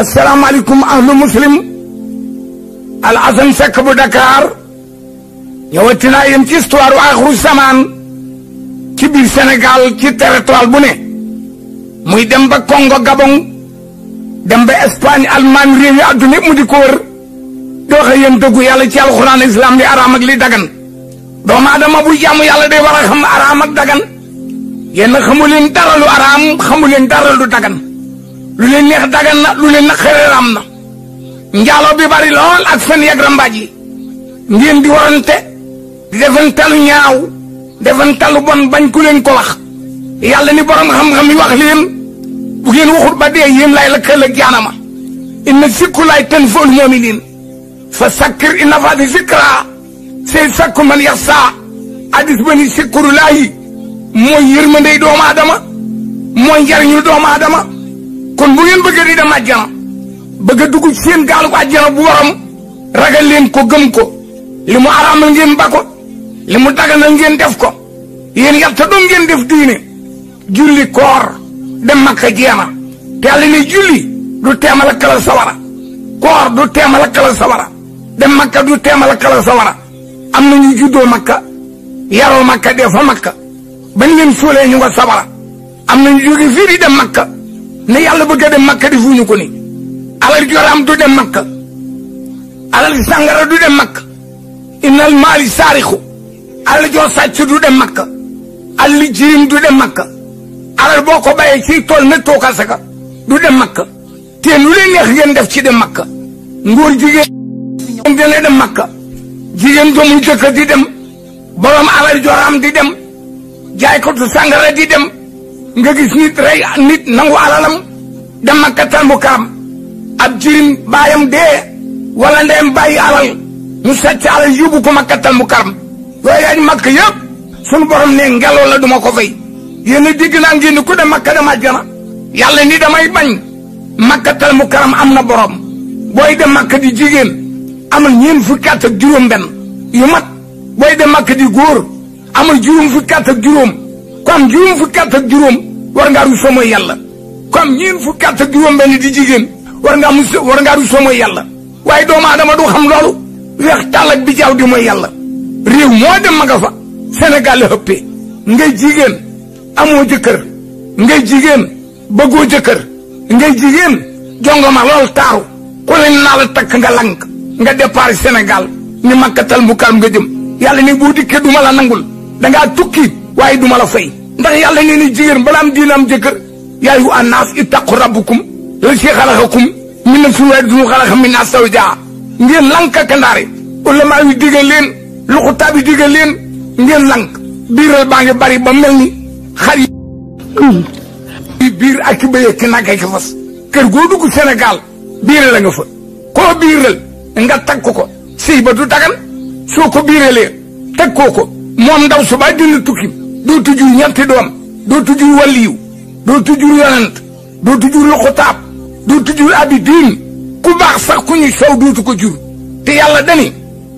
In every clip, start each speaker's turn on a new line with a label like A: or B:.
A: asalaamaaleykum ahlu muslim al asan sekk bu Dakar ñëwati ci histoire aaxiru zamaan ci biir Sénégal ci territoire bu ne muy dem ba Congo Gabon dem ba Espagne Allemagne réew yi àdduna mu di ko wër doo dëggu yàlla ci alxuraan islam li araam ak li dagan doomu adama bu jaamu yàlla day war a xam araam dagan yéen xamu leen araam xamu leen dagan lu leen neex dagan na lu leen na am na njaaloo bi bari lool ak fen yag rambaaj yi ngeen di warante di defantalu ñaaw defantalu bon bañ ku leen ko wax yàlla ni borom xam-xam yi wax leen bu ngeen waxut ba dee yéen lay la këll ak jaanama inna sikku laay ten fool moominiin fa sakkir inna faati sikra say sakku man yax saa addis ba ni sikkuru laayi mooy yërmandey doomu aadama mooy njariñul doomu aadama kon bu ngeen bëgg di dem àjjana bëgg a dugg seen gaalu ko àjjana bu waram ragal leen ko gëm ko li mu araamal ngeen ba ko li mu daganal ngeen def ko yéen yatta doon ngeen def diine julli koor dem makka jeema te yàlla ne julli du teemal ak kala sawara koor du teemal ak kala sawara dem makka du teemal ak kala sawara am na ñu juddoo makka yaroo makka dee fa makka bañ leen suulee ñu nga sawara am na ñu jóge fii dem makka ne yàlla bëgg a dem makka defuñu ko ni alal joram du dem makka alal sàngara du dem makka innal maali saarixu alal joo sàcc du dem makka alal jirim du dem makka alal boo ko bàyyee ci tool na tooka saka du dem makka te lu neex ngeen def ci dem makka ngóor jigéen dana dem makka jigéen doomu jëkkër di dem borom alal joram di dem jaay ko tu sàngara di dem nga gis nit rey nit nangu alalam dem Makka tàmbu kaam ab jirim baayam dee wala ndeyam bàyyi alal mu sàcc alal yóbbu ko Makka tàmbu kaam Makka yëpp sunu borom ne ngelaw la duma ko fay yéen a dégg ku dem Makka dem yàlla ni damay bañ makkatal mu am na borom booy dem makka di jigéen amul ñeen fukki at ak juróom benn yu mat booy dem makka di góor juróom fukki at ak juróom ku am juróom fukki at juróom war nga ruus soo mooy yàlla ku am ñeent fukki at juróom benn di jigéen war nga mus war ngaa ruus soo mooy yàlla waaye doomu aadama du xam loolu weex tàll ak bi jaaw di mooy yàlla réew moo dem ma nga fa Sénégal jigéen amoo jëkkër nga jigéen bëggoo jëkkër ngay jigéen jongoma lool taaru ku leen takk nga lank nga départ Sénégal ni makkatal mu nga jëm yàlla ne boo dikkee duma la nangul dangaa tukki waaye duma la fay ndax yàlla nee na jigéen balaa am diina am jëkkër yaa ayyuha naas ittaqu rabbakum lazii xalaqakum min nafsin waahidatin wa xalaqa minhaa zawjahaa ngeen lank ak ndaare ulamaa yu leen luxutaab yu digal leen ngeen lank biiral baa ngi bari ba mel ni xar hmm. biir ak ki bëy ak ki fas kër goo dugg Sénégal biiral a nga fa koo biiral nga tag ko sëy ba du dagan soo ko biiralee teg koo ko moom ndaw su ba dina dootu jur ñetti doom dootu jur waliyu dootu jur yonant dootu jur loxutaab dootu jur abi diin ku baax sax ku ñu sow dootu ko jur te yàlla dani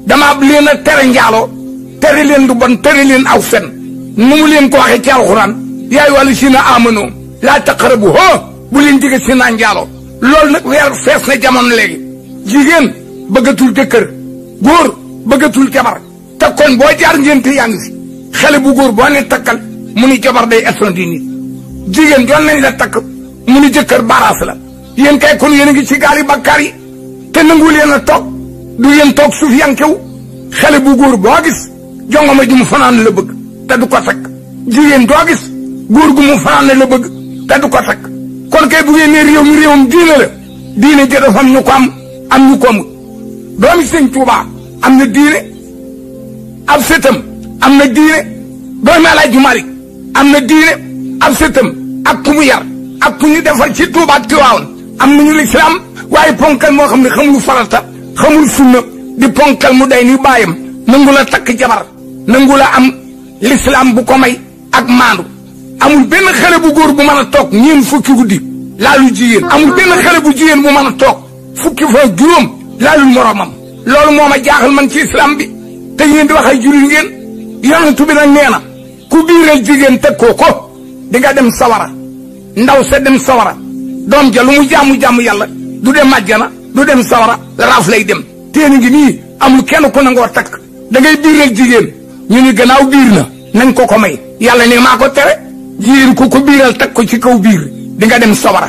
A: dama leen a tere njaaloo tere leen du bon tere leen aw fen nu mu leen ko waxee ci alxuraan yaay wàllu si na amanoo laa taqarabu hoo bu leen jege si naa njaaloo loolu nag weer fees na jamono léegi jigéen bëggatul jëkkër góor bëggatul jabar te kon boo jaar ngénte yaa ngi si xale bu góor boo ne takkal mu ni jabar day estondi nit jigéen joon nañ la takk mu ni jëkkër baras la yéen kay kon yéen a ngi ci gaali bakkaar te nanguwul yéen a toog du yéen toog suuf yankew xale bu góor boo gis jongoma ji mu fanaan la bëgg du ko takk jigéen doo góor gu mu fanaan la bëgg te du ko takk kon kay bu ngeen ne réew mi réewam diine la diine ja dafa am ñu ko am am ñu ko am doomi sëñ Tuubaa am na diine ab sëtam am na diine doy naa laaj am na diine ab sëtam ak ku mu yar ak ku ñu defar ci Tuubaa Tiwaawan am nañu lislaam waaye ponkal moo xam ne xamul farata xamul sunna di ponkal mu day ni bàyyam nangu la takk jabar nangu la am lislaam bu ko may ak maandu amul benn xale bu góor bu man a toog ñeen fukki guddi laalu jigéen amul benn xale bu jigéen bu mën a toog fukki fa juróom laalul moroomam loolu moo ma jaaxal man ci islam bi te ngeen di wax ay jullit ngeen yonent bi nag nee na ku biiral jigéen teg koo ko di dem sawara ndaw sa dem sawara doom ja lu mu jaamu-jaamu yàlla du dem àjjana du dem sawara raaf lay dem téeni ngi nii amul kenn ku nangoo takk da ngay biiral jigéen ñu ni gannaaw biir na nañ ko ko may yàlla ne maa ko tere jigéen ku ko biiral teg ko ci kaw biir di nga dem sawara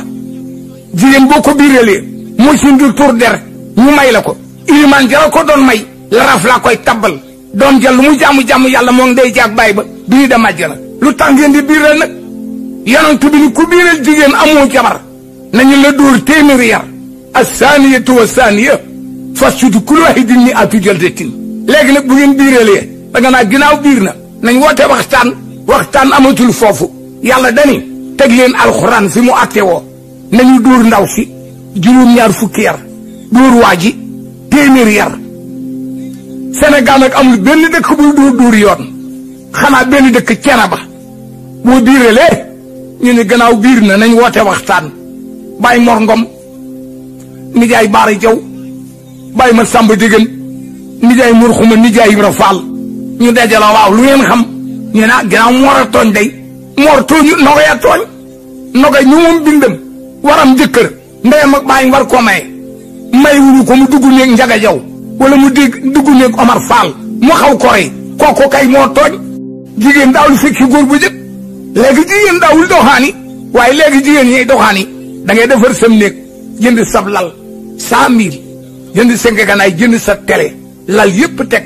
A: jigéen boo ko biiralee mu ci ndu der ñu may la ko ilimaan jara ko doon may la raaf laa koy tabbal doom ja lu mu jàmm-jàmm yàlla moo ngi day jaag bàyyi ba du ñu dem àjjana lu tàngeen ngeen di biiral nag yonent bi ni ku biiral jigéen amoo jabar nañu la dóor téeméeri yar assaaniyatu wa saaniya fasjudu kullu waahidin mi'ata jaldatin léegi nag bu ngeen biiralee da nga naa ginnaaw biir na nañ woote waxtaan waxtaan amatul foofu yàlla dani teg leen alxuraan si mu àtte woo nañu dóor ndaw si juróom-ñaar fukki yar dóor waa ji téeméeri yar Sénégal nag amul benn dëkk buy duur duur yoon xanaa benn dëkk cere ba boo biiralee ñu ne gannaaw biir na nañ woote waxtaan bàyyi Mor Ngom nijaay Baara Jaw bàyyi ma Samba nijaay Mor nijaay Ibra ñu dajale waaw lu ngeen xam ñu ne ah a tooñ day Mor tooñu Nogay a tooñ Nogay ñu moom waram jëkkër ndeyam ak bàyyi war ko maye may wuñu mu dugg néeg wala mu dégg dugg néeg Omar Fall mu xaw ko rey kooku kay moo tooñ jigéen daawul fekki góor bu jëkk léegi jigéen daawul doxaani waaye léegi jigéen ñiy doxaani da ngay defar sam néeg jënd sab lal cent mille jënd sënk ganaay jënd lal yëpp teg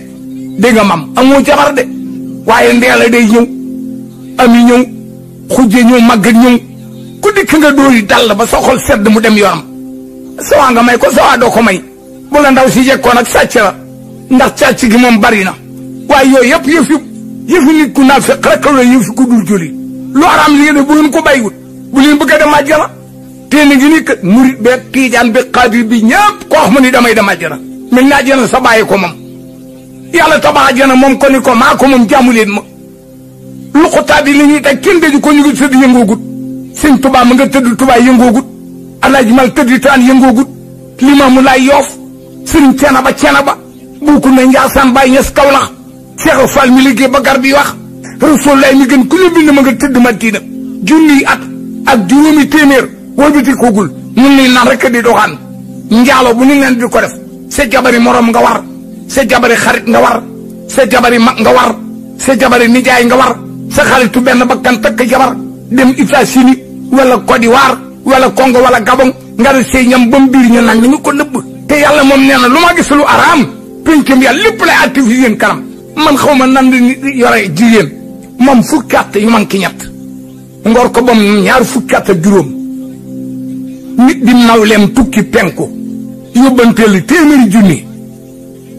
A: dégg nga mam amoo jabar de waaye ndeela day ñëw ami ñëw xujje ñëw màgg ñëw ku dikk nga dóori dal ba sa sedd mu dem yoram sawaa nga may ko sawaa doo ko may bu la ndaw si yeggoon ak sàcc la ndax càcc moom bari na waaye yooyu yëpp yëfi yëfi nit ku naafiq rek la yëfi ku dul julli lu araam li ne bu leen ko bàyyiwut bu leen bëggee dem àjjana te na ngi ni kat murit beeg tiijaan beeg xaadir bi ñëpp koo xam ni damay dem àjjana mel na àjjana sa bàyyi ko moom yàlla tabax àjjana moom ko ni ko maa ko moom jaamu leen ma lu xutaat yi li ñuy teg kenn daju ko ñu ngi tëdd yëngoogut sëñ tubaa ma nga tëdd tubaa yëngoogut alaaji mal tëdd taan yëngoogut limaamu sëriñ ceena ba ceena ba buukul na njaasaan bàyyi ñes kaw lax seexu fall mi liggéey ba gar bi wax rasulullah mi gën ku ñu bind ma nga tëdd madina junniy at ak i téeméer wëlbati koogul ñun ni naan rek di doxaan njaalo bu ñu leen di ko def sa jabari morom nga war se jabari xarit nga war sa jabari mag nga war sa jabari nijaay nga war sa xaritu benn ba takk jabar dem États-Unis wala Côte d'Ivoire wala Congo wala Gabon nga ne say ñam ba mu biir ñu naan ko nëbb moom nee na lu ma gis lu araam pencam yàlla lépp lay àtte fi yéen kanam man xaw ma nan yore jigéen moom fukki at yu man ki ñett ngor ko bam ñaar fukki at juróom nit di nawleem tukki penku yóbbanteeli téeméeri junni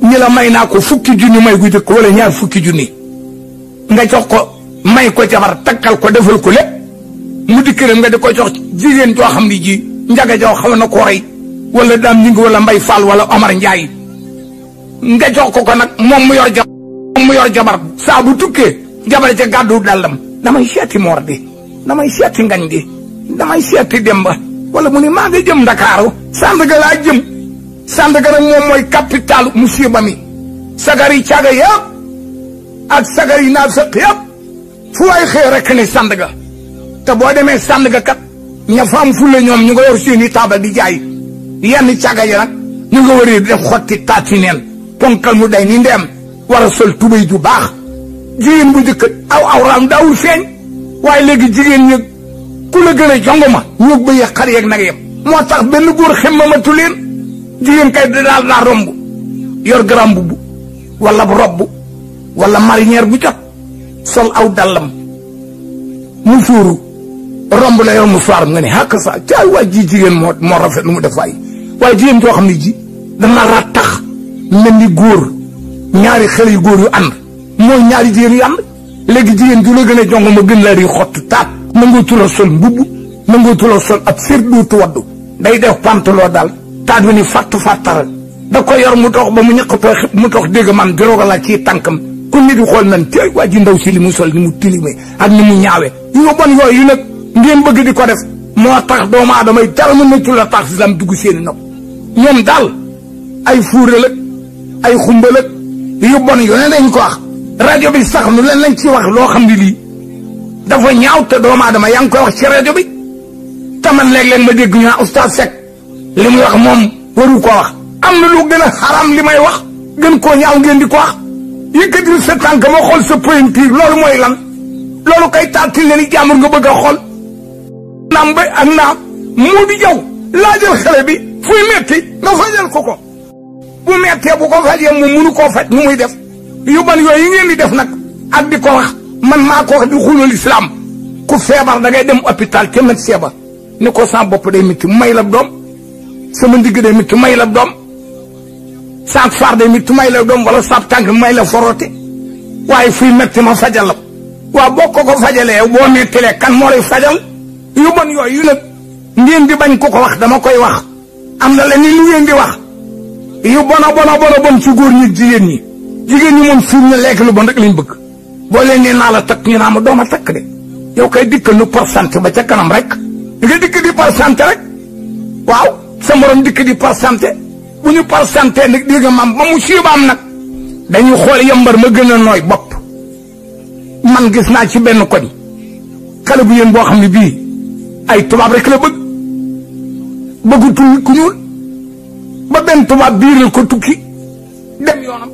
A: ñi may naa ko fukki junni may gu jëkk wala ñaar fukki junni nga jox ko may ko jabar takkal ko defal ko lépp mu di këram nga di ko jox jigéen joo xam ne ji njaga joo xaw na ko rey wala daam ñi ngi mbay Fall wala Omar Ndiaye nga jox ko ko nag moom mu yor jabar moom mu yor jabar saa bu tukkee jabar ca gàddu dàllam damay seeti moor bi damay seeti ngañ bi damay seeti demba wala mu ne maa nga jëm ndakaaru Sandaga laa jëm Sandaga nag moom mooy capital musiba mi sagar yi caaga yëpp ak sagar yi naa sëq yëpp fu waay xëy rek ne Sandaga te boo demee Sandaga kat ña fa fulla ñoom ñu nga yor seeni taabal di jaay yan càgga yi nag ñu nga waree def xotti taati neen ponkal mu day ni ndeem war a sol tubéy ju baax jigéen bu njëkk aw awraam daawul feeñ waaye léegi jigéen ñi ku la gën a jong ma ñoog ba yeeg xar yeeg nag yem moo tax benn góor xemmamatu leen jigéen kay daal daa romb yor garam bu wala robb wala marinière bu jot sol aw dallam mu suuru romb la yor mu soir nga ne xàq ah sa caay waa ji jigéen moo moo rafet lu mu def waay waa jigéen joo xam ne ji dana rattax mel ni góor ñaari xale yu góor yu ànd mooy ñaari jigéen yu ànd léegi jigéen ju la gën a jongo ma gën laa di xott taat nangoo tula sol mbubb nangoo tula sol ab sér duutu waddu day def pantalon daal taat bi ni fàttu fàttaral da ko yor mu dox ba mu ñàkk tooy mu dox dégg man di rogala ci tànkam ku nit xool nan tey waa ji ndaw si li mu sol ni mu tilime ak ni mu ñaawe yu bon yooyu nag ngeen bëgg di ko def moo tax doomu aadama yi dara mën na ci la tax si lam dugg seeni nopp ñoom daal ay fuural ak ay xumbal ak yu bon yu ne dañ ko wax rajo bi sax nu leen lañ ci wax loo xam ne lii dafa ñaaw te doomu aadama yaa ngi koy wax ci rajo bi taman léeg-léeg ma dégg ñu naan oustaz Seck wax moom waru ko wax am na lu gën a xaraam li may wax gën koo ñaaw ngeen di ko wax yëkkatil sa tànk ma xool sa pointure loolu mooy lan loolu kay taatil ne ni jàmbur nga bëgg a xool naam ba ak naam mu di jaw laajal xale bi fuy metti nga fajal ko ko bu mettee bu ko fajee mu munu koo faj nu muy def yu ban yooyu ngeen di def nag ak di ko wax man maa ko wax di xulul islam ku feebar da ngay dem hôpital te met seebar ni ko sa bopp day métti may la doom sama ndigg day métti may la doom saak faar day métti may la doom wala saab tànk may la forote waaye fuy metti ma fajal la waa boo ko ko fajalee boo mettilee kan moo lay fajal yu bon yooyu nag ngeen di bañ ko ko wax dama koy wax am na leneen lu ngeen di wax yu bon a bon bon a ñi jigéen ñi jigéen ñi moom fi na ne lekk lu bon rek lañ bëgg boo leen nee naa la takk ñu naa doom a takk de yow kay dikkal nu pourcentage ba ca kanam rek nga dikk di pourcentage rek waaw sa morom dikk di pourcentage bu ñu pourcentage nag dégg nga maam ba mu siibaam nag dañuy xool yambar ma gën nooy bopp man gis naa ci benn koñ xale bu yéen boo xam ne bii ay tubaab rek la bëgg bëggatul ku ñuul ba benn tubaab biiral ko tukki dem yoonam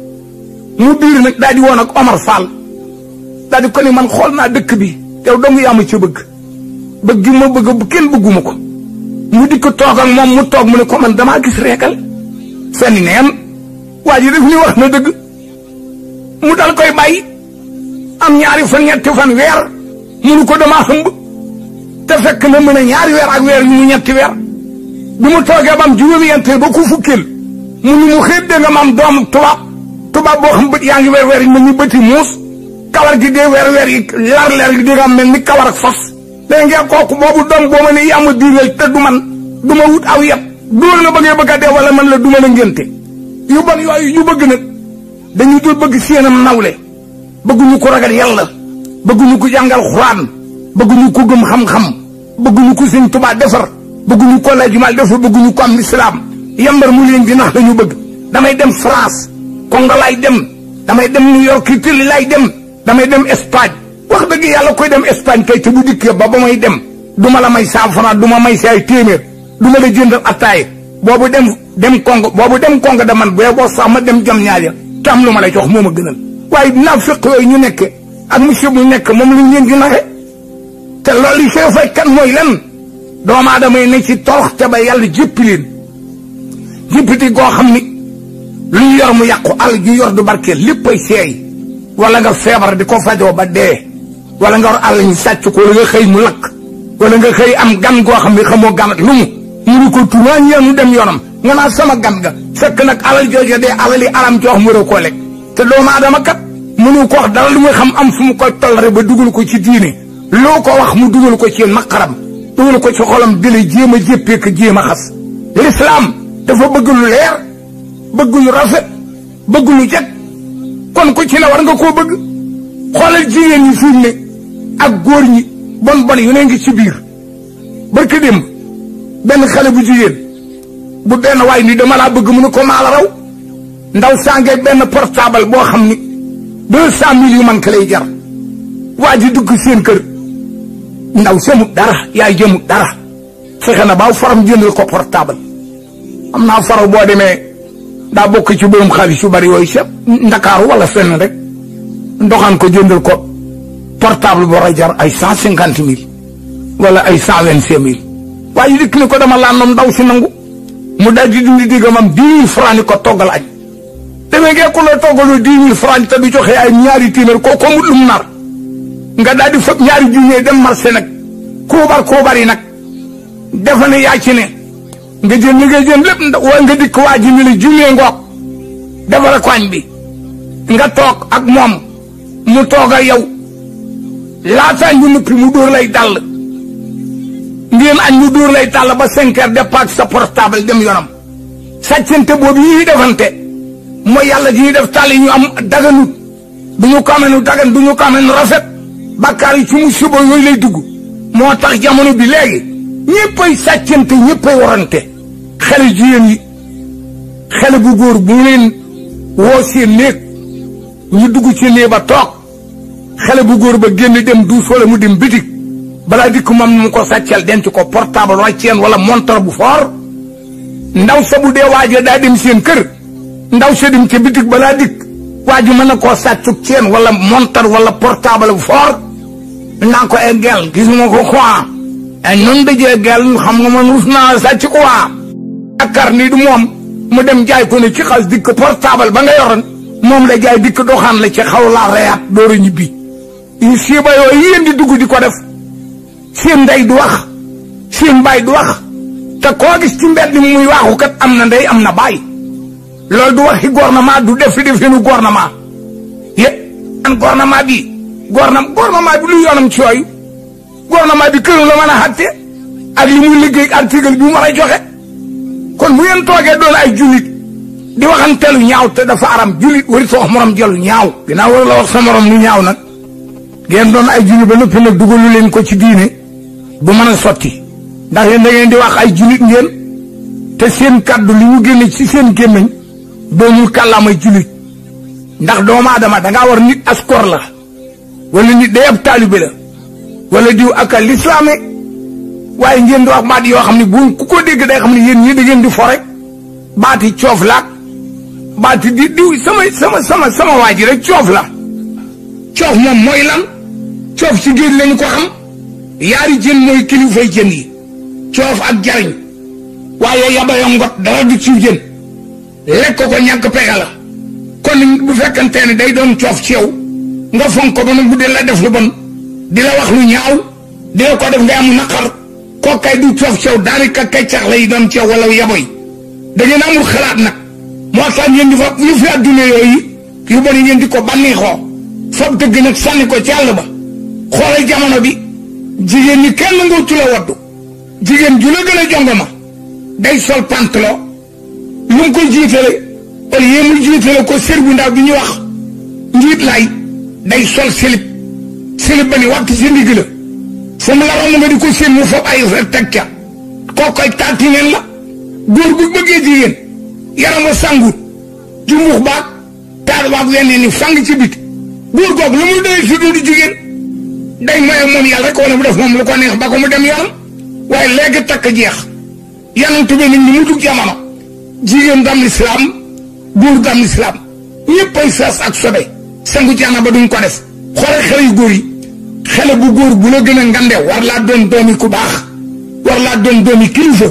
A: mu biir nag daal di woon ak Omar Fall ko ni man xool naa dëkk bi yow dong yaa ma ca bëgg bëgg ma bëgg bu kenn bëgguma ko mu di ko toog ak moom mu toog mu ne ko man damaa gis reekal seen neen waa ji def ni wax na dëgg mu dal koy bàyyi am ñaari fan ñetti fan weer munu ko damaa xëmb te fekk na mën a ñaari weer ak weer yu mu ñetti weer bi mu toogee ba am juróomi yenteel ba ku fukkil mu ni mu xëy dégg nga ma am doomu tubaab tubaab boo xam bët yaa ngi weer weer yi mel ni bëti muus kawar gi dee weer weer yi lar leer gi di nga mel ni kawar ak fas léegi ngeen kooku boobu doom boo ma ne yaa ma diiral te du man du ma wut aw yat dóor nga bëggee bëgg a dee wala man la du ma la ngénte yu bon yooyu yu bëgg nag dañu dul bëgg seenam nawle bëgguñu ko ragal yàlla bëgguñu ko jàngal xuraan bëgguñu ko gëm xam-xam bëgguñu ko sëñ Tuubaa defar bëgguñu ko la jumal dafa bëgguñu ko am islam yambar mu leen di nax lañu bëgg damay dem France Congo laay dem damay dem New York Italie laay dem damay dem Espagne wax dëgg yàlla koy dem Espagne kay te bu dikkee ba ba may dem du ma la may cent franc du ma may say téeméer du ma la jëndal attaaye boobu dem dem Congo boobu dem Congo da man sax ma dem jam ñaar ya am lu ma lay jox moo ma gënal waaye naafeq yooyu ñu nekk ak monsieur bu nekk moom lañ leen di naxe te loolu yi fay kan mooy doomu aadama yi ne ci toroxte ba yàlla jéppi leen jippiti goo xam ni lu ñu yor mu yàqu àll ju yor du barkeel léppay seey wala nga feebar di ko fajoo ba dee wala nga war àll ñu sàcc ko wala nga xëy mu lakk wala nga xëy am gan goo xam ne xamoo gan lu mu mu di ko turaan yaa nu dem yoonam nga naa sama gan ga fekk nag alal jooju dee alali aram joox mu ko lekk te doomu aadama kat mënu ko wax dara lu muy xam am fu mu koy tollare ba dugal ko ci diine loo ko mu dugal ko ci maqaram dugal ko ci xolam di la jéem a jéema ko jéem a xas lislaam dafa bëgg lu leer bëgg lu rafet bëgg lu jag kon ko ci la war nga koo bëgg xoolal jigéen ñi fiim ne ak góor ñi bon bon yu ne ngi ci biir barka démb benn xale bu jigéen bu benn waay ni dama laa bëgg mu ne ko maa la raw ndaw sàngee benn portable boo xam ni deux cent mille yu man ka jar waa ji dugg seen kër ndaw semut dara yaay jëmut dara fexe na baaw faram jëndal ko portable am naa faraw boo demee daa bokk ci borom xaalis yu bari yooyu sëpp ndakaaru wala fenn rek ndoxaan ko jëndal ko portable bu war a jar ay cent cinquante mille wala ay cent vingt cinq mille waaye dikk ni ko dama laa noom ndaw si nangu mu dal di dindi diggamam dix mille franc ni ko toggal añ demee ngeen ku la toggaloo dix mille franc te joxe ay ñaari téeméer kooku amul lu mu nar nga daal di fob ñaari junni dem marché nag koobar koobar nag defe ne yaa ci ne nga jël li ngay jël lépp nga dikk waa ji ni la junni ngoog defara koñ bi nga toog ak moom mu toog ak yow laataa ñu nuppi mu dóor lay dàll ngeen añ ñu dóor lay dàll ba cinq heures dépasse sa portable dem yoonam sàccante boobu yi defante mooy yàlla ji def tàll yi ñu am daganut du ñu ko amee nu dagan du ñu ko amee nu rafet bàkkaar yi ci mu suba yooyu lay dugg moo tax jamono bi léegi ñëppay sàccante ñëppay warante xale jigéen yi xale bu góor bu leen woo seen néeg ñu dugg ci néeg ba toog xale bu góor ba génn dem duus wala mu dem bitig balaa dikk moom nu ko sàccal denc ko portable wala ceen wala montar bu foor ndaw sa bu dee waaja daa dem seen kër ndaw sa dem ca bitig balaa dikk waa ji mën na ko sàccu ceen wala montar wala portable bu foor naa ko eggel gisuma ko quoi e nun dajee gel xam nga man rus naa sàcc quoi yaakaar ni du moom mu dem jaay ko ne ci xas dikk portable ba nga yoroon moom la jaay dikk doxaan la ci xaw laa reyaat door a ñibbi siiba yooyu yéen di dugg di ko def seen ndey du wax seen baay du wax te koo gis ci mbedd mi muy waaxu kat am na ndey am na baay loolu du waxi gouvernement du def fi definu gouvernement yëpp an gouvernement bi na gornement bi lu yoonam ci yooyu gornement bi këram la mën a ak li mu liggéey ak tëgal bi mu war a kon bu ngeen toogee doon ay jullit di wax waxantelu ñaaw te dafa aram jullit wari soo wax morom jëlu ñaaw ginnaaw war la wax sa morom lu ñaaw nag ngeen doon ay jullit ba noppi nag dugalu leen ko ci diine bu mën a sotti ndax yéen da ngeen di wax ay jullit ngeen te seen kaddu li mu génne ci seen gémmiñ doonul kàllaamay jullit ndax doomu aadama dangaa war nit askor wala nit day ab taalibe la wala diw ak a lislaame waaye ngeen di wax baat yoo xam ne bu ku ko dégg day xam ne yéen ñii da ngeen di fo rek baati coof laak baati di diw sama sama sama sama waa ji rek coof la coof moom mooy lan coof si géej lañu ko xam yaari jën mooy kilifay jën yi coof ak jariñ waaye yabayoo ngot dara du ci jën lekk ko ñàkk pexe la kon bu fekkante ne day doon coof ci yow nga fonk ko ba mu guddee la def lu bon di la wax lu ñaaw di la ko def nga am naqar kooku kay du coof coow daanaka kay cax lay doon coow wala yaboy da ngeen amul xalaat nag moo tax ñeen di fa yu fi adduna yooyu yu bon yi ngeen di ko bànneexoo fab dëgg nag sànni ko ci àll ba xoolal jamono bi jigéen ñi kenn nga tula waddu jigéen ju la gën a jongo ma day sol pantalon lu mu ko jiitale wala yéen mu bu ndaw bi ñu wax day sol silib silib ba ni wàcc ci ndigg la fu mu la romb di ko seen mu foog ay teg ca kookoy taatineen la góor gu bëggee jigéen yaram wa sangut jumbux baag taar baag wenn ni fang ci bit góor googu lu mu doyee si dundu jigéen day maye moom yàlla rek wala mu def moom neex ba ko mu dem yoonam waaye léegi takk jeex yanantu bi nit ñi mu dugg jamono jigéen dam lislaam góor dam lislaam ñëppay sas ak sobe sangu janaaba duñ ko def xoolal xale yu góor yi xale bu góor bu la gën a ngande war laa doon doomi ku baax war laa doon doomi kilifa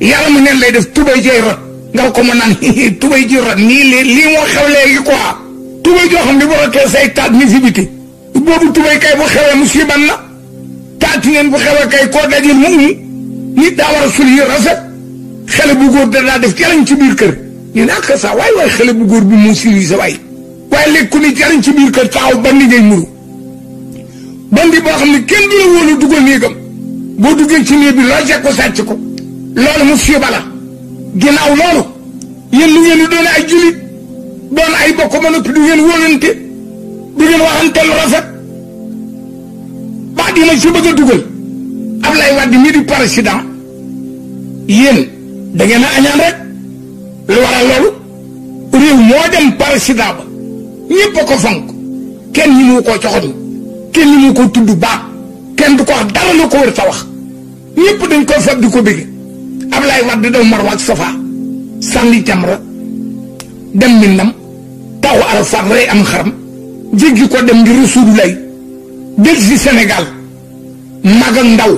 A: yàlla mu neen lay def tubay jey rot nga ko mën naan tubay ji rot nii lii lii moo xew léegi quoi tubay joo xam ne bu rotee say taat ni si biti boobu tubay kay bu xewee mu siiban na taati neen bu xewee kay koo dajil mu umu nit daa war a sul yi rafet xale bu góor da daa def jalañ ci biir kër ñu ne ak ah, sa waay waay bu góor bi mu silisé waay waaye léegi ku jariñ ci biir kër taxaw bandi ngay muru bandi boo xam ne kenn du wóolu dugal néegam boo duggee ci néeg bi roje ko sàcc ko loolu musiba la ginnaaw loolu yéen lu ngeen di ay jullit doon ay bokk ba noppi du ngeen wóolante du ma ci bëgg dugal Ablaye Wade mii di président loolu réew moo dem président ba ñëpp a ko fonk kenn ñi mu koo coxoñ kenn ñi ko tudd baat kenn du ko wax dara lu ko wër sa wax ñëpp dañ koy fab di ko bëgg Ablaye Wade daw Marwa ak Safa sànni jamra dem Minam taxu Arafat rey am xaram jéggi ko dem ngir Rasulullah del si Sénégal mag ndaw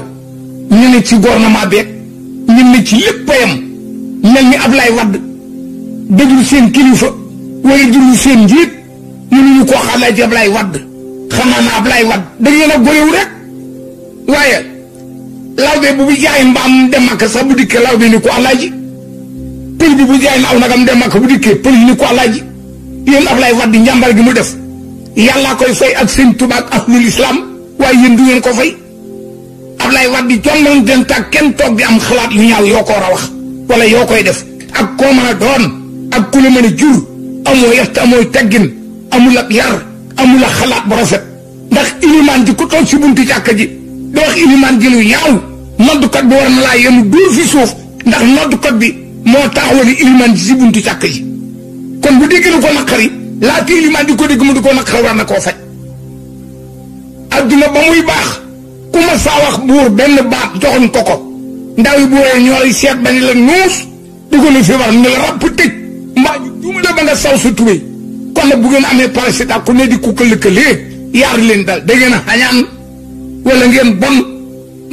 A: ñu ci gouvernement beeg ñu ci lépp yam mel ni Ablaye wadd déglu seen kilifa wala déglu seen njiit mënuñu koo xamee ci Ablaye Wade xamaa na Ablaye Wade dañ leen a goyewu rek waaye lawbe bu bu jaay mbaam dem ak sax bu dikkee lawbe ni ko alaaji pël bi bu jaay na aw nagam dem ak bu dikkee ni ko alaaji yéen Ablaye Wade njàmbar gi mu def yàllaa koy fay ak seen ak ahlul islam waaye yéen du ngeen ko fay Ablaye Wade jonnoon den tag kenn toog di am xalaat yu ñaaw yoo ko war a wax wala yoo koy def ak koo mën a doon ak ku a jur amoo yett amoo teggin amul ab yar amul ab xalaat bu rafet ndax ilimaan ji ku toog si buntu jàkka ji di wax ilimaan ji lu ñaaw noddukat bi war na laa yenu dóor fi suuf ndax noddukat bi moo taxawali ilimaan ji si buntu jàkka ji kon bu dégg na ko naqari laata ilimaan ko dégg mu di ko war na koo faj adduna ba muy baax ku ma saa wax buur benn baat joxoñ ko ko ndaw yi buuree ñooy seet ba ni la nuus dugg na fi war ni la ràpp tëj mbaa ñu duuma la ba nga saw sa tubéy wala bu ngeen amee parasita ku ne di ku këllëkëlee yaar leen dal da ngeen a ngeen bon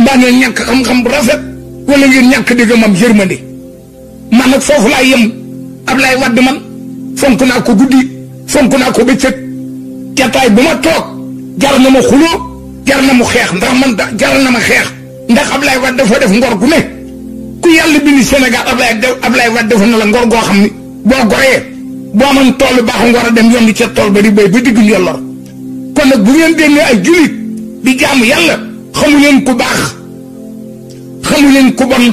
A: mbaa ngeen ñàkk xam-xam bu rafet wala ngeen ñàkk dégg ma yërmande man nag foofu laa yem Ablaye Wade man fonk naa ko guddi fonk naa ko bëccëg jataay bu ma toog jar na ma xuloo jar na mu xeex ndax man da jar na ma xeex ndax Ablaye Wade dafa def ngor gu ne ku yàlla bindi Sénégal Ablaye Ablaye Wade dafa na la ngor goo xam ni boo goree boo amoon tool baax nga war a dem yomb ca tool ba di béy ba diggum yàlla kon nag bu ngeen demee ay jullit di jaamu yàlla xamu leen ku baax xamu leen ku bon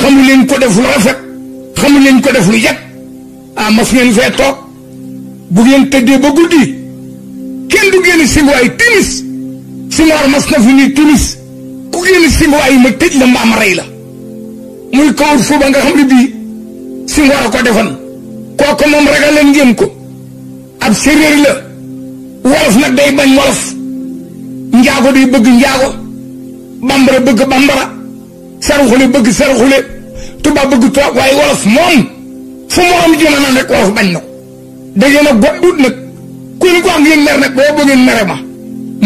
A: xamu leen ko def lu rafet xamu leen ko def lu jag ah mas ngeen fee toog bu ngeen tëddee ba guddi kenn du génn si ay timis si noor mas na fi ni timis ku génn si ay ma tëj la mbaam rey la muy kawut nga xam ne bii si ngoor a ko defan kooku moom ragal leen ngéem ko ab séeréer la wolof nag day bañ wolof njaago day bëgg njaago bambara bëgg bambara saraxule bëgg saraxule tubaab bëgg tubaab waaye wolof moom fu morom jona naan rek wolof bañ na ko nag ngeen a goddut nag ku ñu ko am ngeen mer nag boo bëggeen mere ma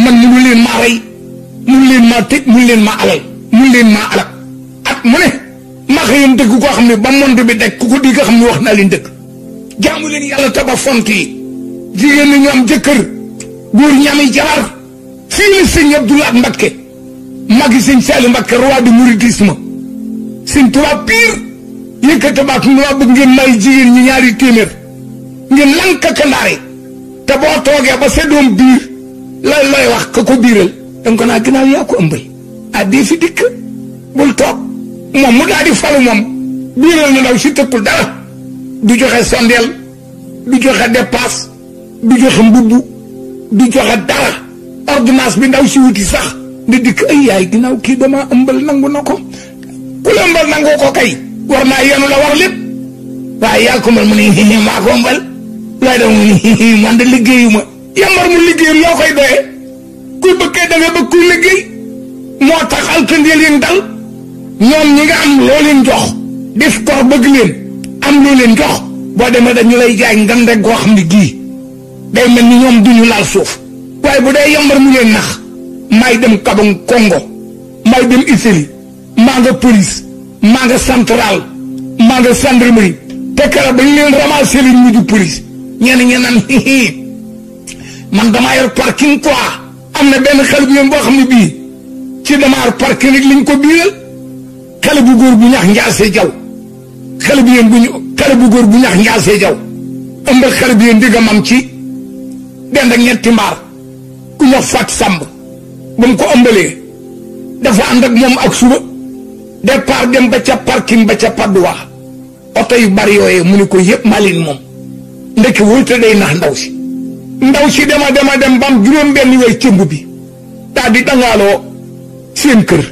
A: man munu leen maa rey munu leen maa tëj munu leen maa alal munu leen maa alal at mu ne ma xëyoon dëgg koo xam ne ba monde bi daj ku ko di nga xam ne wax naa leen dëgg jaamu leen yàlla taba font yi jigéen ñi am jëkkër góor ñi ami jabar fii la sëñ Abdoulaye Mbakke magi sëñ Saali Mbakke roi du mouridisme sëñ Tuubaa pire yëkkate baat mu waa bëgg may jigéen ñi ñaari téeméer ngeen lank ak ndaare te boo toogee ba sa doom biir lay lay wax ka ko biiral danga ko naa ginnaaw yaa ko ëmbal ah dee fi dikk bul toog moom mu daal falu moom biiral na ndaw si tëkkul dara du joxe sondeel du joxe dépasse du joxe mbubb du joxe dara ordonnance bi ndaw si wuti sax nga dikk ay yaay ginnaaw kii dama ëmbal nangu na ko ku la ëmbal nangoo ko kay war naa yenu la war lépp waaye yaa ko mën mu ne hihi maa ko ëmbal lay da hihi man de liggéeyu ma mu liggéeyul loo koy doyee kuy bëggee da nga bëgg kuy liggéey moo tax alkandeel yi dal ñoom ñi nga am loo leen jox bëgg leen am loo leen jox boo demee dañu lay jaay ngan rek goo xam ne gii day mel ñoom duñu laal waaye bu dee yambar mu leen nax maay dem Gabon Congo maay dem Italie maa nga police maa nga centrale maa nga gendarmerie te kara ba ñu leen ramassé li ñu du police ñenn ñi naan man damaa yor parking quoi am na benn xale bu yéen boo xam ne bii ci damaa yor parking rek ko biiral xale bu góor bu ñax njaasee jaw xale bi yéen bu ñu xale bu góor bu ñax njaasee jaw ëmbal xale bi yéen digamam ci dend ak ñetti mbaar ku ñax fàtt sàmb ba ko ëmbalee dafa ànd ak moom ak suba départ dem ba ca parking ba ca padduwaa oto yu bari yooyee mu ne ko yëpp malin moom ndekki wóy te nax ndaw si ndaw si dema dema dem bam juróom benn weer cëmb bi daal di dangaaloo seen kër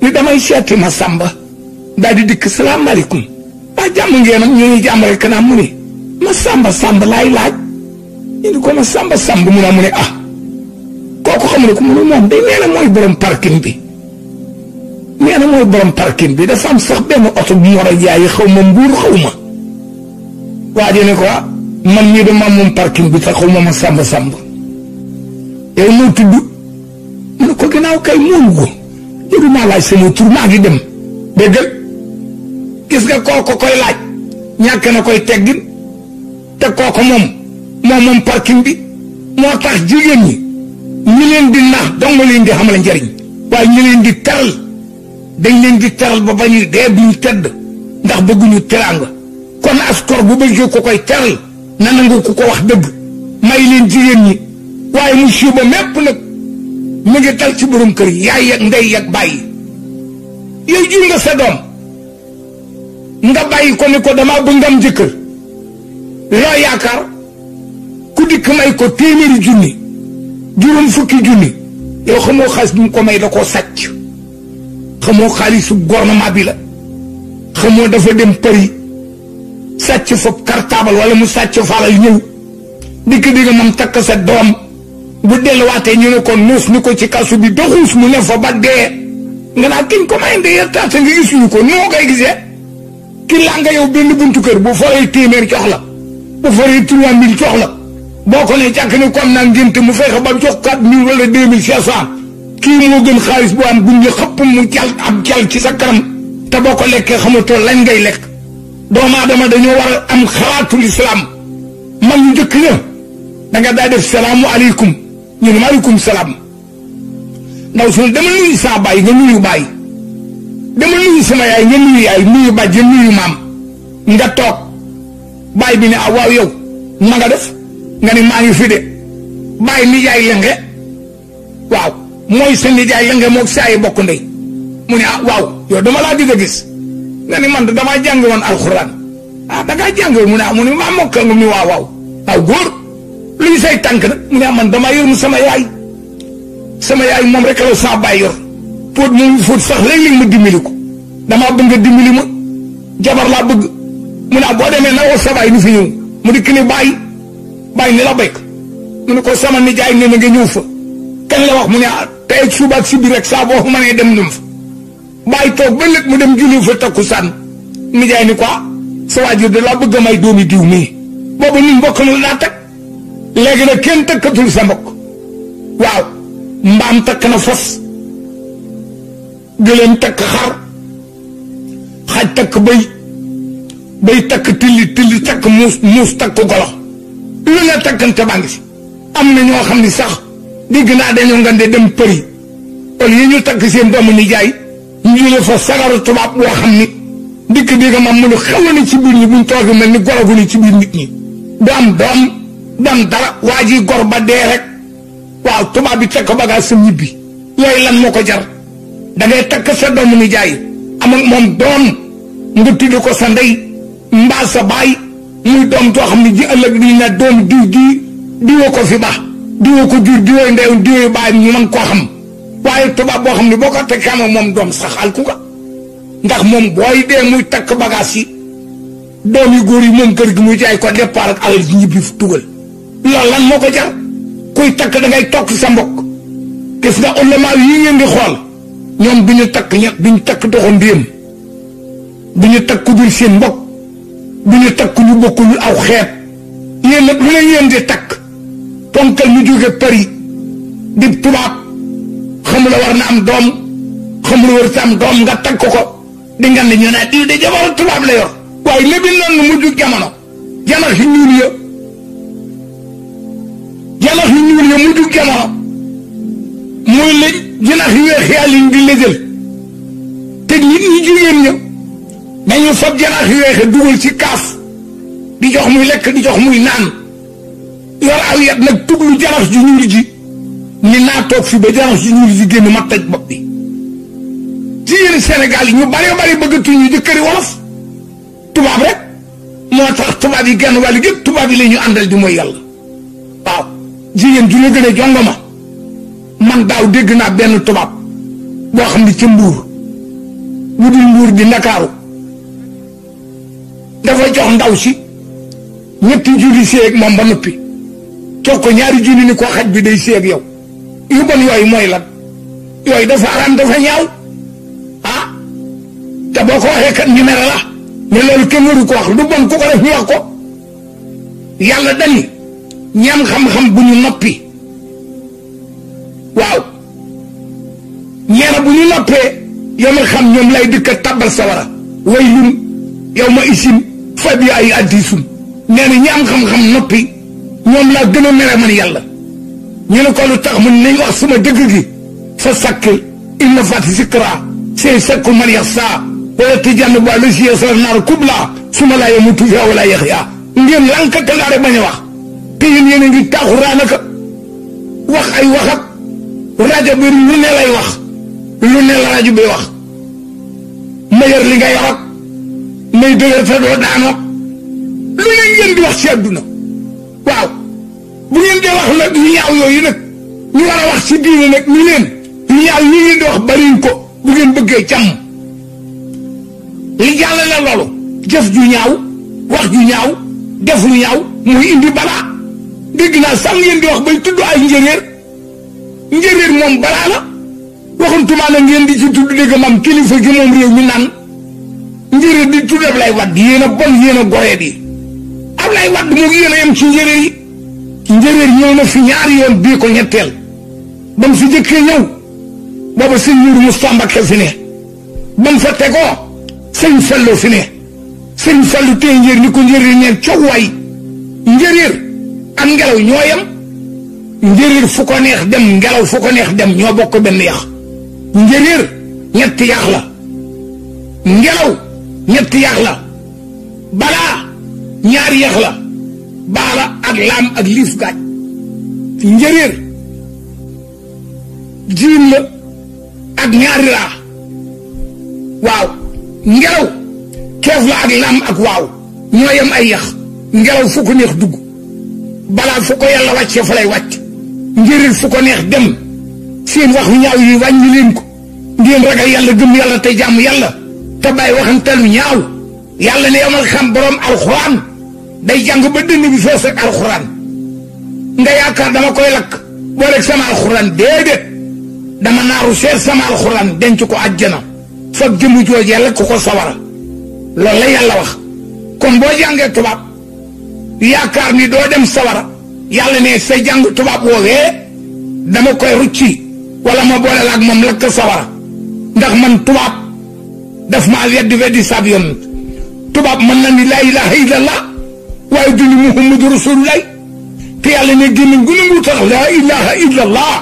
A: ni damay seeti ma sàmba daal di dikk salaamaaleykum ah jàmm ngeen am ñu ngi jàmm rek kanam mu ni ma sàmba sàmb laay laaj ñu ni ko ma sàmba sàmb mu naa mu ne ah kooku ku mu moom day nee na mooy borom parking bi nee na mooy borom parking bi dafa am sax benn oto bu mu war a jaayi xaw ma mbuur xaw ma waa ko ah man ñii dama am moom parking bi te ma ma sàmba sàmb yow moo tudd mu ne ko gannaaw tur maa ngi dem déggal gis nga kooko koy laaj ñàkk na koy teggin te kooko moom moo moom parking bi moo tax jigéen ñi ñi leen di nax dong leen di xamal njariñ waaye ñi di teral dañ leen di teral ba bañu dee buñ tedd ndax bëgguñu teraanga kon askor bu bëggee ku koy teral na nangu ko ko wax dëgg may leen jigéen ñi waaye mu siiw ba mépp nag mu ngi dal ci borom kër yaay yeg ndey yeg bàyyi yow jur nga sa nga bàyyi ko ni ko damaa bëgg nga am jëkkër loo yaakaar ku dikk may ko téeméeri junni juróom fukki junni yow xamoo xaalis bi mu ko may da koo sàcc xamoo xaalisu gouvernement bi la xamoo dafa dem Paris sàcc fa cartable wala mu sàcc faalal ñëw dikk di nga moom takk sa doom bu delluwaatee ñu ne ko nuus ni ko ci kasu bi doxuus mu ne fa ba dee nga naa kiñ ko may ndeyal taata nga gisuñu ko noo koy gisee ki laa nga yow benn buntu kër bu foree téeméer jox la bu foree trois mille jox la boo ko ne càkk ne comme naa ngénte mu fexe ba jox quatre mille wala deux mille cinq cent kii moo gën xaalis bu am gunge xëpp mu jal ab jal ci sa kanam te boo ko lekkee xamatoo lañ ngay lekk doomu aadama dañoo war a am xalaatul islaam mag ñu njëkk ña da nga daa def salaamu aleykum ñu ne maaleykum salaam ndaw su ne demal nuyu saa bàyyi nga nuyu dama nuyu sama yaay nga nuyu yaay nuyu bàjj nuyu maam nga toog bàyyi bi ne ah waaw yow ma nga def nga ne maa ngi fi de bàyyi ni yaay lenge waaw mooy seen nit lenge moog saa yi mu ne ah waaw yow dama laa gëj a gis nga ne man damaa jàng woon alxuraan ah da ngaa jàng mu ne ah mu ne maa mokkal nga mu ne waaw waaw waaw luy say tànk mu ne ah man damaa yor mu sama yaay sama yaay moom rek la saa bàyyi yor. póot moom fóot sax léeg-léeg ma dimbali ko damaa bëgg dimbali ma jabar laa bëgg mu ne ah boo demee na woo sa baay nu fi ñëw mu dikk ni bàyyi ni la bekk mu ne ko sama nijaay ne na nga ñëw fa kañ la wax mu ne ah tey ak suba ak si biir rek saa boo mënee dem ñëw fa bàyyi toog ba lépp mu dem julli fa takkusaan nijaay ni ko ah, sa waajur de laa bëgg a may doomi diw mii boobu ñun mbokk na laa takk léegi nag kenn takkatul sa mbokk waaw mbaam takk na fas gëleen takk xar xaj takk bëy bëy takk tilli tilli takk muus muus takk golo la ne takkante baa ngi si am na ñoo xam ni sax dégg naa dañoo nga de dem përi kon yi ñu takk seen doomu ni jaay ñu jële fa sagaru tubaab boo xam ni dikk dégg ma mu lu xew na ci biir ñi buñ mel ni goro gu ni ci biir nit ñi du am doom du am dara waa ji gor ba dee rek waaw tubaab bi teg ko bagage sa ñibbi yooyu lan moo ko jar da ngay takk sa doomu ni jaay am moom doom nga tudd ko sa ndey mbaa sa baay muy doom too xam ne ji ëllëg di na doom diw ji diwoo ko fi baax diwoo ko jur diwooy ndeyam diwooy baayam ñu koo xam waaye tubaab boo xam ne boo ko tekkee am ak moom doom sax alku nga ndax moom booy dee muy takk bagage yi doom yu góor yi moom kër gi muy jaay ko départ ak alal ji ñibbi tugal loolu lan moo ko jar kuy takk da ngay sa mbokk gis nga ulama yi ngeen di xool ñoom bu ñu takk ñax du ñu takk doxam biyam ñu takk ku dul seen mbokk du ñu takk ñu bokkul ñu aw xeet yéen nag lu leen yéen di takk ponkal ñu jóge Paris di tubaab xamula war na am doom xamula war sa am doom nga takk ko di nga ne ñu naan lii de jabar tubaab la yor waaye lébi noonu mujj jamono janax yu ñuul ya janax yu ñuul ya mujj jamono mooy léegi jëlaat yu weex yi àll di la jël te nit ñi jigéen ña dañu fab jëlaat yu weex dugal ci kaas di jox muy lekk di jox muy naan yor aw yat nag tublu jarax ju ñuul ji ni naa toog fi ba jarax ju ñuul ji génn ma taj bopp bi ci yéen Sénégal yi ñu bare bare bëggatuñu jëkkëri wolof tubaab rek moo tax tubaab yi genn wàll gépp tubaab yi la ñu àndal di mooy yàlla waaw jigéen ju la gën jongoma man daaw dégg naa benn tubaab boo xam ne ci mbuur mu dul mbuur di ndakaaru dafa jox ndaw si ñetti junni séeg moom ba noppi jox ko ñaari junni ni ko xaj bi day séeg yow yu bon yooyu mooy lan yooyu dafa aram dafa ñaaw ah te boo ko waxee kat numéro la ne loolu kenn ko wax lu bon ku ko def ñu wax ko yàlla dani ñam xam-xam bu ñu noppi waaw nee bu ñu noppee yomal xam ñoom lay dëkk tabal sawara way lun yow ma isin fab ay addisun nee na ñi am xam-xam noppi ñoom laa gën a mere man yàlla ñu ne ko lu tax mun nañ wax suma dëgg gi fa sakkil inna fati sikra sey sakku man yax saa wala tijann ba lu si sara naar kublaa suma laa yamutu fiha wala yaxya ngeen lanka talaare bañ a wax te yéen yéen a ngi taaxu wax ay waxat rajo bi lu ne lay wax lu ne la rajo bi wax ma yor li nga yoroon may dëgër sa doo daanoo lu ne ngeen di wax ci àdduna waaw bu ngeen wax nag yu ñaaw yooyu nag ñu war a wax ci diine nag ñu leen yu ñaaw yi ngeen di wax bariñ ko bu ngeen bëggee càmm li jàll la jëf ju ñaaw wax ju ñaaw def lu ñaaw muy indi balaa dégg naa sànq ngeen di wax bay tudd ay njëréer njéeréer moom balaa la waxuntuma la ngeen di ci tudd dégg mam kilifa gi moom réew mi naan njéeréer di tudd Ablaye a bon yéen a goree di Ablaye Wade moo yéen a yem ci njéeréer yi njéeréer fi ñaari yoon bii ko ñetteel ba fa tegoo sëñ Fallou fi ne sëñ Fallou téye njéer ni ko njéeréer ñeen coow waay njéeréer am ngelaw ñoo njëriñ fu ko neex dem ngelaw fu ko dem ñoo bokk benn yax njëriñ ñetti yax la ngelaw ñetti yax la balaa ñaari yax la baala a laam ak liif gaaj njëriñ jiin la ak ñaari raa waaw ngelaw keef la ak laam ak ñoo yem ay yax ngelaw fu ko neex dugg balaa fu ko yàlla wàccee fa ngir fu ko neex dem seen waxu ñaaw yi wàññi leen ko ngeen ragal yàlla gëm yàlla te jàmm yàlla te bàyyi waxantalu ñaaw yàlla ne yomal xam borom alxuraan day jàng ba dënn bi fees ak alxuraan nga yaakaar dama koy lakk boo rek sama alxuraan déedéet dama naaru seet sama alxuraan denc ko àjjana foog jëmu jooj yàlla ku ko sawara loolu la yàlla wax kon boo jàngee tubaab yaakaar ni doo dem sawara yàlla ne sa jàng tubaab woowee dama koy rucci wala ma boole laag moom lakk sawara ndax man tubaab daf maa weddi weddi sab yoon tubaab mën na ni laa ilaha illallah waaye du ni muhammadu rasulullah te yàlla ne génn gunu ngu tax laa ilaha illallah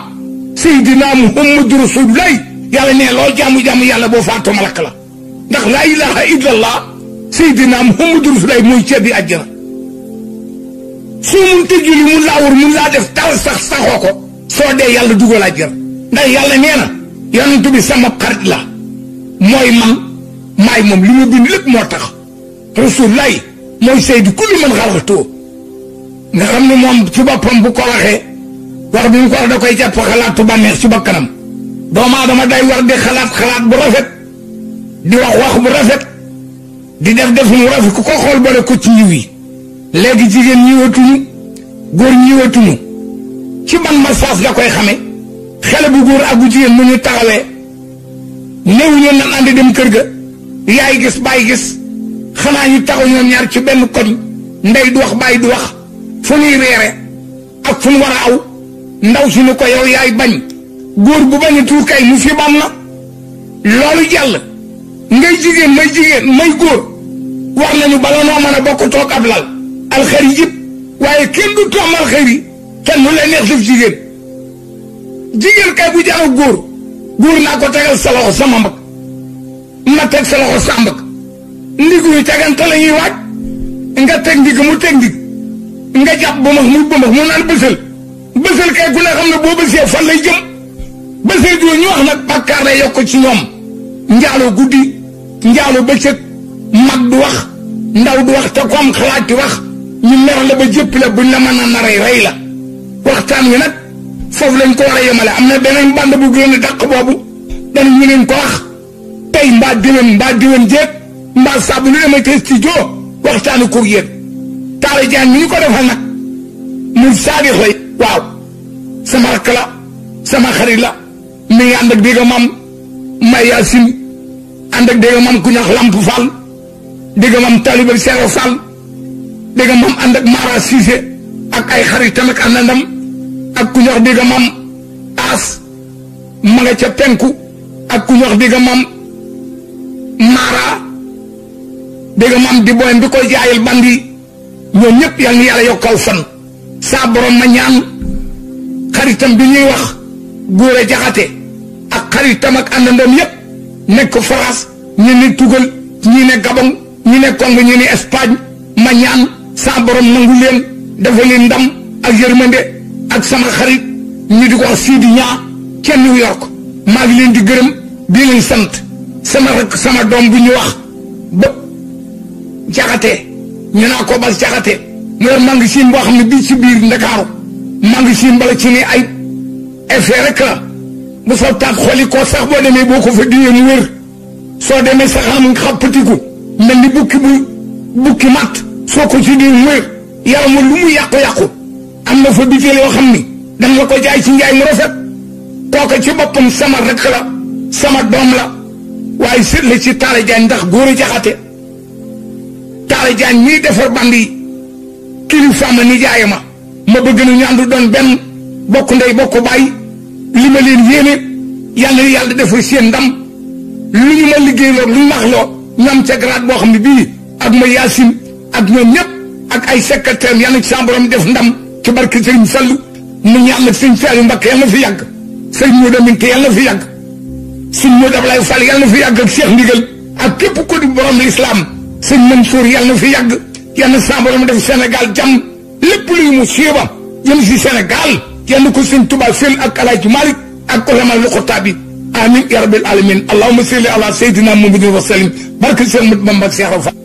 A: sayyidina muhammadu rasulullah yàlla ne loo jaamu-jaamu yàlla boo faatoo ma lakk la ndax laa ilaha illallah sayyidina muhammadu rasulullah mooy ceeb bi àjjana soo mënta julli mun laa wër mun laa def dara sax saxoo ko soo dee yàlla duggal laa jër ndax yàlla nee na yonent bi sama xarit la mooy man maay moom lu ma bind lépp moo tax rasulaay mooy saydi kulli man xalaxtoo nga xam ne moom ci boppam bu ko wax bi mu ko wax da koy jàpp xalaatu bànneex ci bakkanam doomu aadama day war di xalaat xalaat bu rafet di wax wax bu rafet di def def mu rafet ku ko xool bare ko ci yiw yi léegi jigéen ñëwatuñu góor ñëwatuñu ci ban message nga koy xame xale bu góor ak bu jigéen mu ñu taxawee néewuñu nan àndi dem kër ga yaay gis bàyyi gis xanaa ñu taxaw ñoom ñaar ci benn koñ ndey du wax bàyyi du wax fu ñuy reere ak fu mu war a aw ndaw su ñu ko yow yaay bañ góor bu bañ a tuukay mu fi bam na loolu jàll ngay jigéen may jigéen may góor wax nañu bala noo mën a bokk toog ab lal alxari yëpp waaye kenn du toom alxari kenn lu lay neex def jigéen jigéen kay bu jaaw góor góor naa ko tegal sa loxo sama mbag ma teg sa loxo sa mbag ndig yu tegante la ñuy waaj nga teg ndig mu teg ndig nga jàpp bëmax muy bëmax mu naan bësal bësal kay ku ne xam ne boo bësee fan lay jëm bësal joo ñu wax nag bàkkaar lay ci ñoom njaalo guddi njaalo bëccëg mag du wax ndaw du wax te ko am xalaat wax ñu nar la ba jëpp la buñ la mën a naray ray la waxtaan wi nag foofu lañ ko war a yemale am na beneen bande bu gën a dàq boobu dañ ñu ngeen ko wax tey mbaa déwén mbaa déwén jéeg mbaa saabu lu demee te studio waxtaanu koog yéen Talla Diagne ñu ko defal nag mu saadix lay waaw sama rakk la sama xarit la mi ngi ànd ak dégg mam may Yaasin ànd ak dégg mam ku ñax Lamp Fall dégg mam Taliba Seero Fall dégg nga moom ànd ak ay xaritam ak àndandam ak ku ñox dégg nga aas ma penku ak ku ñox dégg nga moom Mara dégg moom di booyam bi koy jaayal bandi ñoom ñëpp yal na yàlla yokkaw fan. saa borom ma ñaan xaritam bi ñuy wax góor a jaxate ak xaritam ak àndandam yëpp nekk France ñi ne Tugal ñu ne Gabon ñi ne Congo ñi ne Espagne ma ñaan. saa borom nangu leen dafa leen ndam ak yërmande ak sama xarit ñu di ko wax Sidi Ñaa ca New York maa ngi leen di gërëm di leen sant sama rak sama doom bu ñu wax ba jaxatee ñu naa ko bas jaxatee mu maa ngi siin boo xam ne di ci biir ndakaaru maa ngi siin bala ci ne ay effet rek la bu soo taag xooli ko sax boo demee boo ko fa diyee mu wér soo demee sax am xappatiku mel ni bukki bu soo ko ci diw mooy yaram lu mu yàqu-yàqu am na fa biteel yoo xam ni danga la ko jaay ci njaay mu rafet kooka ci boppam sama rakk la sama doom la waaye sët la ci Talla Diagne ndax góor a jaxate Talla Diagne mii defar band yi kilifa ma nijaay ma ma bëgg na ñu ànd doon benn bokk ndey bokk bàyyi li ma leen yéene yàlla yàlla defar seen ndam lu ñu ma liggéeyloo lu ñu max loo ñam ca grade boo xam ne bii ak ma yaasin ak ñoom ñëpp ak ay secrétaire yal na ci sa borom def ndam ci barke Serigne Fallou mu ñu am ak Serigne Saliou Mbacké yal na fi yàgg Serigne Modou Aminta yal na fi yàgg Serigne Modou Ablaye Fall yal na fi yàgg ak Cheikh Ndigal ak képp ko di borom l'islam Serigne Mansour yal na fi yàgg yal na sa borom def Sénégal jàmm lépp luy mu siiba yem si Sénégal yal na ko Serigne Touba Sel ak El Hadj Malick ak ulama lu xutaab bi amin ya rabbil alamin allahumma salli ala sayyidina muhammadin wa sallim barke Serigne Bamba Cheikh Rafa